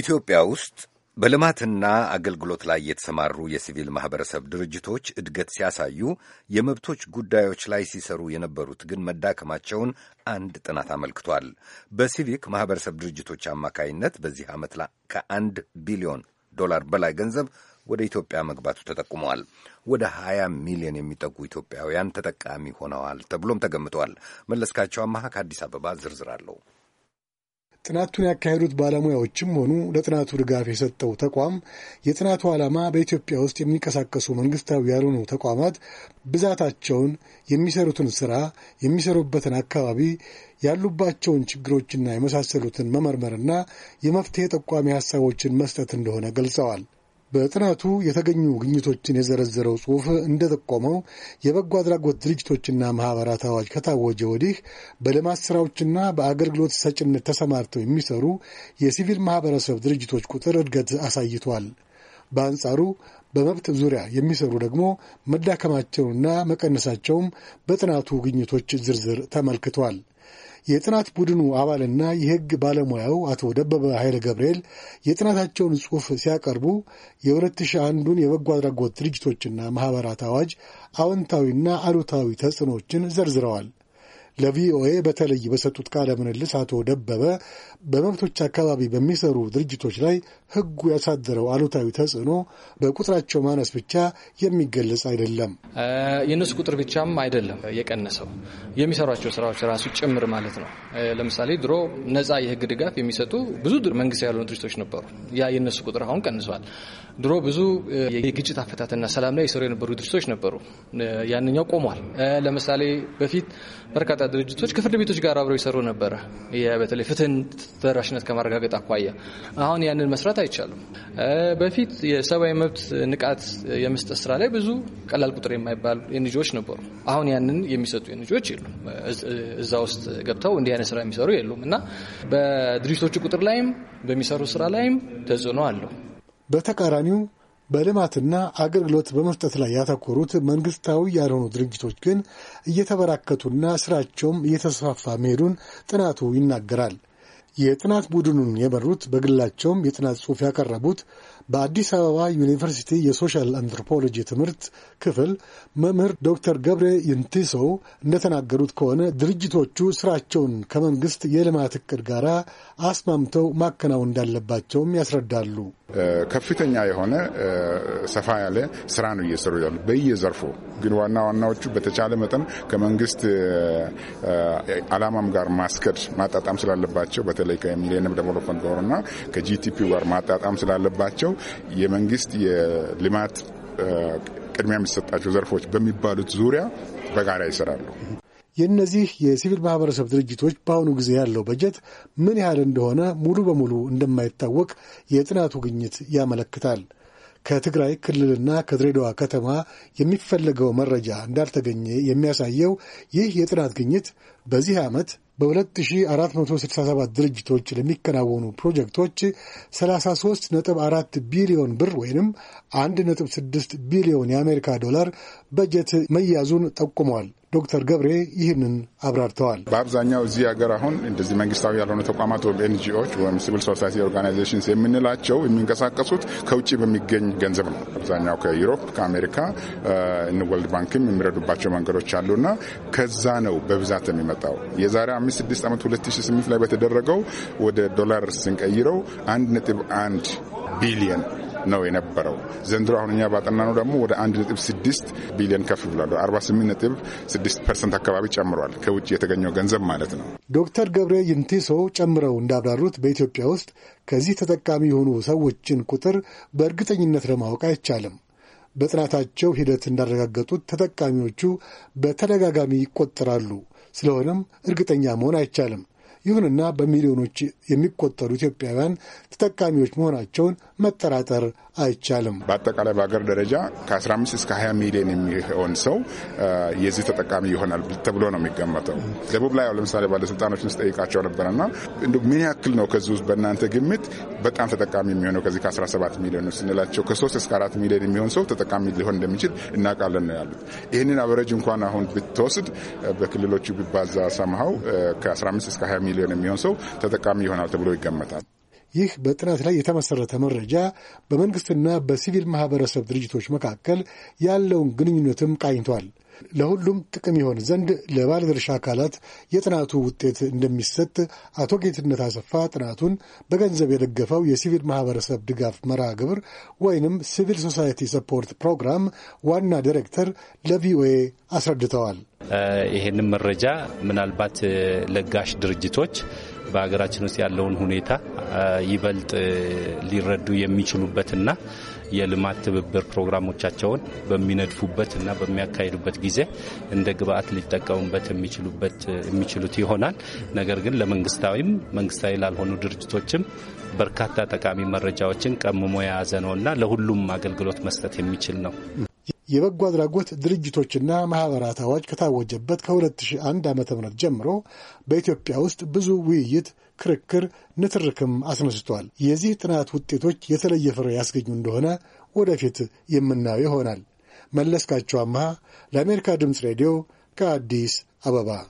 ኢትዮጵያ ውስጥ በልማትና አገልግሎት ላይ የተሰማሩ የሲቪል ማኅበረሰብ ድርጅቶች እድገት ሲያሳዩ የመብቶች ጉዳዮች ላይ ሲሰሩ የነበሩት ግን መዳከማቸውን አንድ ጥናት አመልክቷል። በሲቪክ ማኅበረሰብ ድርጅቶች አማካይነት በዚህ ዓመት ከአንድ ቢሊዮን ዶላር በላይ ገንዘብ ወደ ኢትዮጵያ መግባቱ ተጠቁመዋል። ወደ 20 ሚሊዮን የሚጠጉ ኢትዮጵያውያን ተጠቃሚ ሆነዋል ተብሎም ተገምተዋል። መለስካቸው አማሃ ከአዲስ አበባ ዝርዝር አለው። ጥናቱን ያካሄዱት ባለሙያዎችም ሆኑ ለጥናቱ ድጋፍ የሰጠው ተቋም የጥናቱ ዓላማ በኢትዮጵያ ውስጥ የሚንቀሳቀሱ መንግስታዊ ያልሆኑ ተቋማት ብዛታቸውን፣ የሚሰሩትን ስራ፣ የሚሰሩበትን አካባቢ፣ ያሉባቸውን ችግሮችና የመሳሰሉትን መመርመርና የመፍትሄ ጠቋሚ ሀሳቦችን መስጠት እንደሆነ ገልጸዋል። በጥናቱ የተገኙ ግኝቶችን የዘረዘረው ጽሑፍ እንደጠቆመው የበጎ አድራጎት ድርጅቶችና ማኅበራት አዋጅ ከታወጀ ወዲህ በልማት ሥራዎችና በአገልግሎት ሰጭነት ተሰማርተው የሚሰሩ የሲቪል ማኅበረሰብ ድርጅቶች ቁጥር እድገት አሳይቷል። በአንጻሩ በመብት ዙሪያ የሚሰሩ ደግሞ መዳከማቸውና መቀነሳቸውም በጥናቱ ግኝቶች ዝርዝር ተመልክቷል። የጥናት ቡድኑ አባልና የሕግ ባለሙያው አቶ ደበበ ኃይለ ገብርኤል የጥናታቸውን ጽሑፍ ሲያቀርቡ የ2001ዱን የበጎ አድራጎት ድርጅቶችና ማኅበራት አዋጅ አዎንታዊና አሉታዊ ተጽዕኖዎችን ዘርዝረዋል። ለቪኦኤ በተለይ በሰጡት ቃለ ምልልስ አቶ ደበበ በመብቶች አካባቢ በሚሰሩ ድርጅቶች ላይ ሕጉ ያሳደረው አሉታዊ ተጽዕኖ በቁጥራቸው ማነስ ብቻ የሚገለጽ አይደለም። የእነሱ ቁጥር ብቻም አይደለም የቀነሰው የሚሰሯቸው ስራዎች ራሱ ጭምር ማለት ነው። ለምሳሌ ድሮ ነፃ የህግ ድጋፍ የሚሰጡ ብዙ መንግስት ያሉ ድርጅቶች ነበሩ። ያ የእነሱ ቁጥር አሁን ቀንሷል። ድሮ ብዙ የግጭት አፈታትና ሰላም ላይ የሰሩ የነበሩ ድርጅቶች ነበሩ። ያንኛው ቆሟል። ለምሳሌ በፊት በርካታ ድርጅቶች ከፍርድ ቤቶች ጋር አብረው ይሰሩ ነበረ፣ በተለይ ፍትህን ተደራሽነት ከማረጋገጥ አኳያ። አሁን ያንን መስራት ማውጣት አይቻልም። በፊት የሰብአዊ መብት ንቃት የመስጠት ስራ ላይ ብዙ ቀላል ቁጥር የማይባሉ ኤንጂኦዎች ነበሩ። አሁን ያንን የሚሰጡ ኤንጂኦዎች የሉም። እዛ ውስጥ ገብተው እንዲህ አይነት ስራ የሚሰሩ የሉም እና በድርጅቶቹ ቁጥር ላይም በሚሰሩ ስራ ላይም ተጽዕኖ አለው። በተቃራኒው በልማትና አገልግሎት በመስጠት ላይ ያተኮሩት መንግስታዊ ያልሆኑ ድርጅቶች ግን እየተበራከቱና ስራቸውም እየተስፋፋ መሄዱን ጥናቱ ይናገራል። የጥናት ቡድኑን የመሩት በግላቸውም የጥናት ጽሑፍ ያቀረቡት በአዲስ አበባ ዩኒቨርሲቲ የሶሻል አንትሮፖሎጂ ትምህርት ክፍል መምህር ዶክተር ገብሬ ይንቲሶ እንደተናገሩት ከሆነ ድርጅቶቹ ስራቸውን ከመንግስት የልማት እቅድ ጋር አስማምተው ማከናወን እንዳለባቸውም ያስረዳሉ። ከፍተኛ የሆነ ሰፋ ያለ ስራ ነው እየሰሩ ያሉ በየዘርፉ። ግን ዋና ዋናዎቹ በተቻለ መጠን ከመንግስት አላማም ጋር ማስከድ ማጣጣም ስላለባቸው በተለይ ከሚሊኒየም ዴቨሎፕመንት ጎልና ከጂቲፒ ጋር ማጣጣም ስላለባቸው የመንግስት የልማት ቅድሚያ የሚሰጣቸው ዘርፎች በሚባሉት ዙሪያ በጋራ ይሰራሉ። የእነዚህ የሲቪል ማህበረሰብ ድርጅቶች በአሁኑ ጊዜ ያለው በጀት ምን ያህል እንደሆነ ሙሉ በሙሉ እንደማይታወቅ የጥናቱ ግኝት ያመለክታል። ከትግራይ ክልልና ከድሬዳዋ ከተማ የሚፈለገው መረጃ እንዳልተገኘ የሚያሳየው ይህ የጥናት ግኝት በዚህ ዓመት በ2467 ድርጅቶች ለሚከናወኑ ፕሮጀክቶች 33.4 ቢሊዮን ብር ወይም 1.6 ቢሊዮን የአሜሪካ ዶላር በጀት መያዙን ጠቁሟል። ዶክተር ገብሬ ይህንን አብራርተዋል። በአብዛኛው እዚህ ሀገር አሁን እንደዚህ መንግስታዊ ያልሆኑ ተቋማት ወይም ኤንጂኦች ወይም ሲቪል ሶሳይቲ ኦርጋናይዜሽንስ የምንላቸው የሚንቀሳቀሱት ከውጭ በሚገኝ ገንዘብ ነው። አብዛኛው ከዩሮፕ ከአሜሪካ፣ ወርልድ ባንክም የሚረዱባቸው መንገዶች አሉና ከዛ ነው በብዛት የሚመጣው። የዛሬ አምስት ስድስት ዓመት 2008 ላይ በተደረገው ወደ ዶላር ስንቀይረው 1.1 ቢሊየን ነው የነበረው። ዘንድሮ አሁን እኛ ባጠና ነው ደግሞ ወደ 1.6 ቢሊዮን ከፍ ብሏል። 48.6 ፐርሰንት አካባቢ ጨምሯል፣ ከውጭ የተገኘው ገንዘብ ማለት ነው። ዶክተር ገብሬ ይንቲሶ ጨምረው እንዳብራሩት በኢትዮጵያ ውስጥ ከዚህ ተጠቃሚ የሆኑ ሰዎችን ቁጥር በእርግጠኝነት ለማወቅ አይቻልም። በጥናታቸው ሂደት እንዳረጋገጡት ተጠቃሚዎቹ በተደጋጋሚ ይቆጠራሉ። ስለሆነም እርግጠኛ መሆን አይቻልም። ይሁንና በሚሊዮኖች የሚቆጠሩ ኢትዮጵያውያን ተጠቃሚዎች መሆናቸውን መጠራጠር አይቻልም። በአጠቃላይ በሀገር ደረጃ ከ15 እስከ 20 ሚሊዮን የሚሆን ሰው የዚህ ተጠቃሚ ይሆናል ተብሎ ነው የሚገመተው። ደቡብ ላይ ለምሳሌ ባለስልጣኖችን ስጠይቃቸው ነበረና ምን ያክል ነው ከዚህ ውስጥ በእናንተ ግምት በጣም ተጠቃሚ የሚሆነው ከዚህ ከ17 ሚሊዮን ስንላቸው ከ3 እስከ 4 ሚሊዮን የሚሆን ሰው ተጠቃሚ ሊሆን እንደሚችል እናውቃለን ነው ያሉት። ይህንን አበረጅ እንኳን አሁን ብትወስድ በክልሎቹ ቢባዛ ሰምሃው ከ15 እስከ 20 ሚሊዮን የሚሆን ሰው ተጠቃሚ ይሆናል ተብሎ ይገመታል። ይህ በጥናት ላይ የተመሠረተ መረጃ በመንግሥትና በሲቪል ማኅበረሰብ ድርጅቶች መካከል ያለውን ግንኙነትም ቃኝቷል። ለሁሉም ጥቅም ይሆን ዘንድ ለባለድርሻ አካላት የጥናቱ ውጤት እንደሚሰጥ አቶ ጌትነት አሰፋ ጥናቱን በገንዘብ የደገፈው የሲቪል ማህበረሰብ ድጋፍ መርሃ ግብር ወይንም ሲቪል ሶሳይቲ ሰፖርት ፕሮግራም ዋና ዲሬክተር ለቪኦኤ አስረድተዋል። ይህንም መረጃ ምናልባት ለጋሽ ድርጅቶች በሀገራችን ውስጥ ያለውን ሁኔታ ይበልጥ ሊረዱ የሚችሉበትና የልማት ትብብር ፕሮግራሞቻቸውን በሚነድፉበት እና በሚያካሂዱበት ጊዜ እንደ ግብአት ሊጠቀሙበት የሚችሉት ይሆናል። ነገር ግን ለመንግስታዊም መንግስታዊ ላልሆኑ ድርጅቶችም በርካታ ጠቃሚ መረጃዎችን ቀምሞ የያዘ ነው እና ለሁሉም አገልግሎት መስጠት የሚችል ነው። የበጎ አድራጎት ድርጅቶችና ማኅበራት አዋጅ ከታወጀበት ከ2001 ዓ ም ጀምሮ በኢትዮጵያ ውስጥ ብዙ ውይይት፣ ክርክር፣ ንትርክም አስነስቷል። የዚህ ጥናት ውጤቶች የተለየ ፍሬ ያስገኙ እንደሆነ ወደፊት የምናየው ይሆናል። መለስካቸው አመሃ ለአሜሪካ ድምፅ ሬዲዮ ከአዲስ አበባ